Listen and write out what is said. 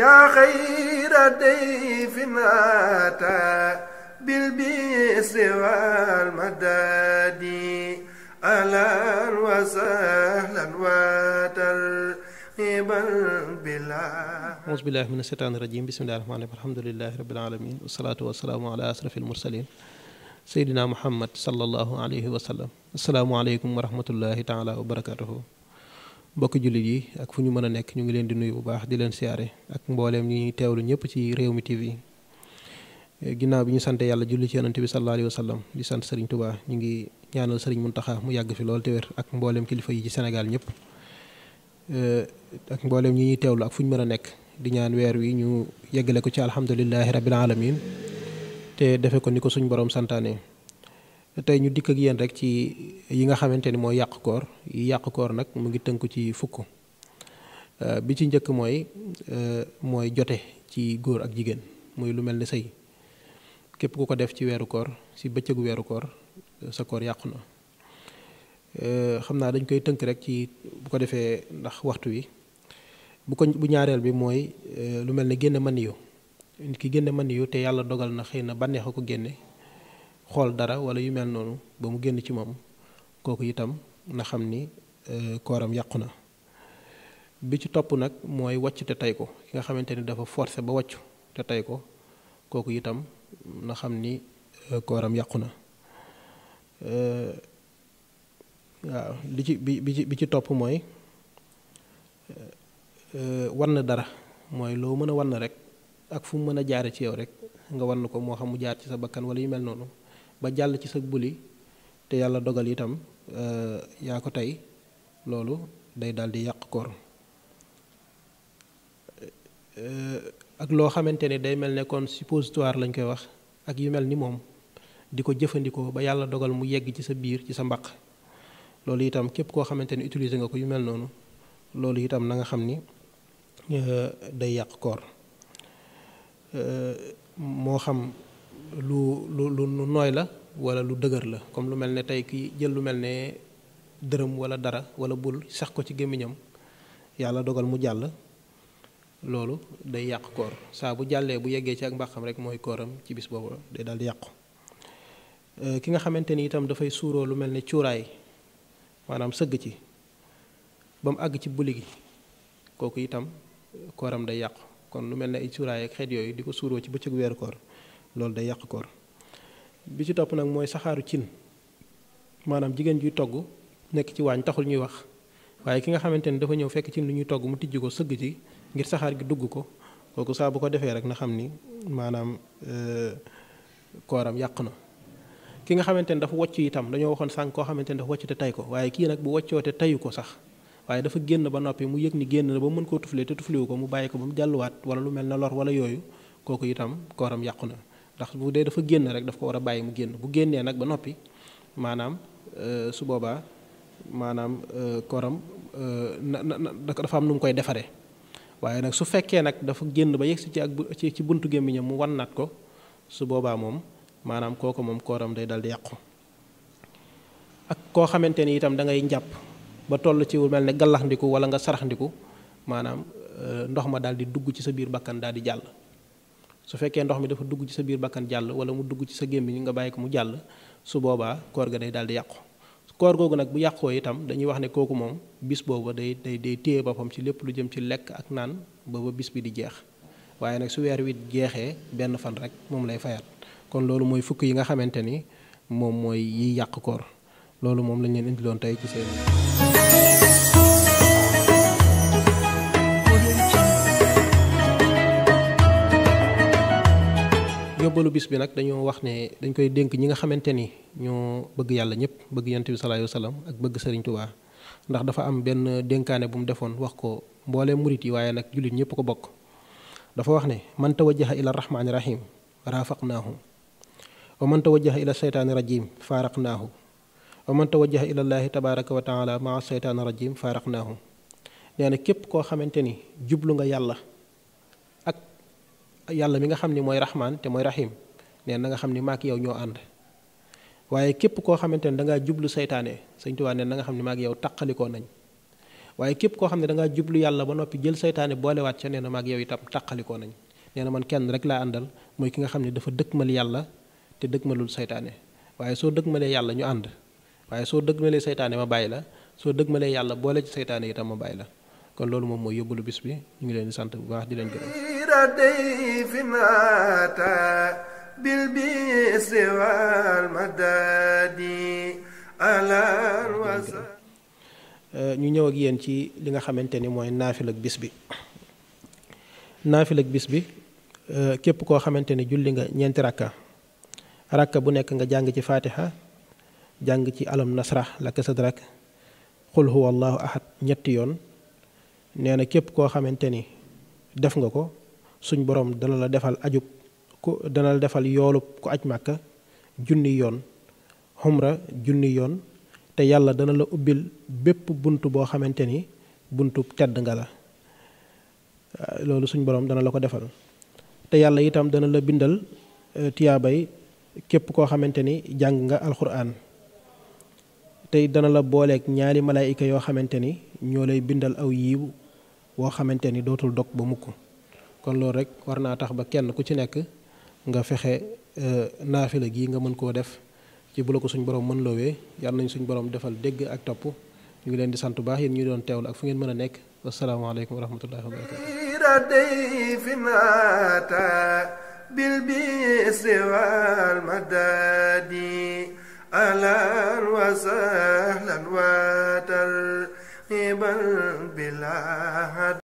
yaa xayra dayfin ataa bil bisri wal madadi ahlan wa sahlan wa tarhiban billah auzu billahi mina shaytaani rajim bismillahi rahmaani rahim alhamdulillahi rabbil alamin wasalaatu wasalaamu ala asrafil mursalin sayyidina muhammad sallallahu alayhi wa sallam assalaamu aleykum wa rahmatullahi taala wa barakatuhu mbokki jullit yi ak fu ñu mën a nekk ñu ngi leen di nuyu bu baax di leen siyaare ak mbooleem ñi ñuy teewlu ñëpp ci réew mi TV ginnaaw bi ñu sante yàlla julli ci yonante bi sallallahu alayhi wa sallam di sant Serigne Touba ñu ngi ñaanal Serigne Mountakha mu yàgg fi loolu te wér ak mbooleem kilifa yi ci senegal ñëpp eh, ak mbooleem ñi ñuy teewlu ak fu ñu mën a nekk di ñaan weer wi ñu yeggale ko ci alhamdulillahi rabbil alamin te defe ko ni ko suñ borom santaane tey ñu dikk ak yéen rek ci yi nga xamante ni mooy yàq koor yi yàq koor nag mu ngi tënku ci fukk euh, bi ci njëkk mooy euh, mooy jote ci góor ak jigéen muy lu mel ni sëy képp ku ko def ci weeru koor si bëccëgu weeru koor sa koor yàqu na euh, xam naa dañ koy tënk rek ci bu ko defee ndax waxtu wi bu ko bu ñaareel bi mooy lu mel ni génn maniyu nit ki génn maniyu te yàlla dogal na xëy na bànneex a ko génne xool dara wala yu mel noonu ba mu génn ci moom kooku itam na xam ni euh, kooram yàqu na bi ci topp nag mooy wàcc tey ko ki nga xamante ni dafa forcé ba wàcc te tey ko kooku itam na ni euh, kooram yàqu na euh, waaw li ci bi ci bi ci topp mooy wann dara mooy loo mën a wann rek ak fu mu mën a jaare ci yow rek nga wann ko moo xam mu jaar ci sa bakkan wala yu mel noonu ba jàll ci sa buli te yàlla dogal itam euh, yaa ko tey loolu day daal di yàq koor euh, ak loo xamante ne day mel nekkoon kon toire lañ koy wax ak yu mel ni moom di ko jëfandikoo ba yàlla dogal mu yegg ci sa biir ci sa mbaq loolu itam képp koo xamante ni utiliser nga ko yu mel noonu loolu itam na nga xam ni euh, day yàq koor moo xam lu lu lu nooy la wala lu dëgër la comme lu mel ne tey ki jël lu mel ne dërëm wala dara wala bul sax ko ci gémmiñam yàlla dogal mu jàll loolu day yàq koor saa bu jàllee bu yeggee ci ak mbàqam rek mooy kooram ci bis boobu day daal di yàqu euh, ki nga xamante ni itam dafay suuroo lu mel ne cuuraay maanaam sëgg ci ba mu àgg ci buli gi kooku itam kooram day yàqu kon lu mel ne ay cuuraay ak xeet yooyu di ko suuroo ci bëccëgu weeru koor loolu day yàq koor bi ci topp nag mooy saxaaru cin maanaam jigéen juy togg nekk ci waañ taxul ñuy wax waaye ki nga xamante ni dafa ñëw fekk cin lu ñuy togg mu tijj ko sëgg ci ngir saxaar gi dugg ko kooku saa bu ko defee rek na xam ni maanaam euh, kooram yàq na ki nga xamante ni dafa wocc itam dañoo waxoon sànq koo xamante ni dafa wocc te tay ko waaye kii nag bu woccoote tayu ko sax waaye dafa génn ba noppi mu yëg ni génn na ba mën koo tuflee te tufliwu ko mu bàyyi ko ba mu mel na lor wala yooyu kooku itam kooram yàqu na ndax bu dee dafa génn rek daf ko war a bàyyi mu génn bu génnee nag ba noppi maanaam euh, su boobaa maanaam euh, koram euh, na na dafa am nu koy defaree waaye nag su fekkee nag dafa génn ba yegsi ci ci buntu gémmiñam mu wan naat ko su boobaa moom maanaam kooku moom kooram day dal di yàqu ak koo xamante ni itam da ngay njàpp ba toll ci mel ni gallaxndiku wala nga saraxndiku maanaam ndox ma daal di dugg ci sa biir bàkkan daal di jàll su fekkee ndox mi dafa dugg ci sa biir bàkkan jàll wala mu dugg ci sa gémmiñ nga bàyyi ko mu jàll su boobaa koor ga day daal di yàqu koor googu nag bu yàqoo itam dañuy wax ne kooku moom bis booba day day day téye boppam ci lépp lu jëm ci lekk ak naan ba ba bis bi di jeex waaye nag su weer wit jeexee benn fan rek moom lay fayat kon loolu mooy fukk yi nga xamante ni moom mooy yi yàq koor loolu moom lañ leen indiloon tey ci seen yóbbalu bis bi nag dañoo wax ne dañ koy dénk ñi nga xamante ni ñoo bëgg yàlla ñëpp bëgg yonent bi sallallahu alayhi ak bëgg sëriñ Tuubaa ndax dafa am benn dénkaane bu mu defoon wax ko mboole murit yi waaye nag jullit ñëpp ko bokk dafa wax ne man tawajjaha ila rahmaani rahim raafaqnaahu wa man tawajjaha ila seytaani rajim faaraqnaahu wa man tawajjaha ila llaahi tabaraka wa taala maa seytaani rajim faaraqnaahu nee na képp koo xamante ni jublu nga yàlla yàlla mi nga xam ni mooy rahmaan te mooy rahim nee na nga xam ni maak yow ñoo ànd waaye képp koo xamante ne da jublu seytaane sëñ Tuubaa nee na nga xam ne maak yow taqalikoo nañ waaye képp koo xam ne da ngaa jublu yàlla ba noppi jël saytaane boolewaat ca nee na maak yow itam tàqalikoo nañ nee na man kenn rek laa àndal mooy ki nga xam ne dafa dëkkmal yàlla te malul seytaane waaye soo dëkkmalee yàlla ñu ànd waaye soo dëkkmalee saytaane ma bàyyi la soo dëkkmalee yàlla boole ci saytaane itam ma bàyyi la kon loolu moom mooy yóbbalu bis bi ñu ngi leen sant bu baax di leen gërëm euh, ñu ñëw ak yéen ci li nga xamante ni mooy naafil ak bis bi naafil ak bis bi euh, képp koo xamante ni julli nga ñeenti rakka rakka bu nekk nga jàng ci faatiha jàng ci alam nasrah la kasad rak xul huwa allahu ahad ñetti yoon nee na képp koo xamante ni def nga ko suñ boroom dana la defal ajub ku dana la defal yoolub ku aj màkk junni yoon xumra junni yoon te yàlla dana la ubbil bépp bunt boo xamante ni buntu tedd nga la loolu suñ boroom dana la ko defal te yàlla itam dana la bindal eh, tiyaabay képp koo xamante ni jàng nga alxuraan tey dana la booleek ñaari malaayika yoo xamante ni ñoo lay bindal aw yiw woo xamante ni dootul dog ba mukk kon loolu rek war naa tax ba kenn ku ci nekk nga fexe euh, naafila gii nga mën koo def ci bu la ko suñ borom mën loowee yàlla nañ suñu borom defal dégg ak topp ñu ngi leen di sant bu baax yéen ñu doon teewlu ak fu ngeen mën a nekk wasalaamaaleykum wa rahmatullahi wa barakaatu إله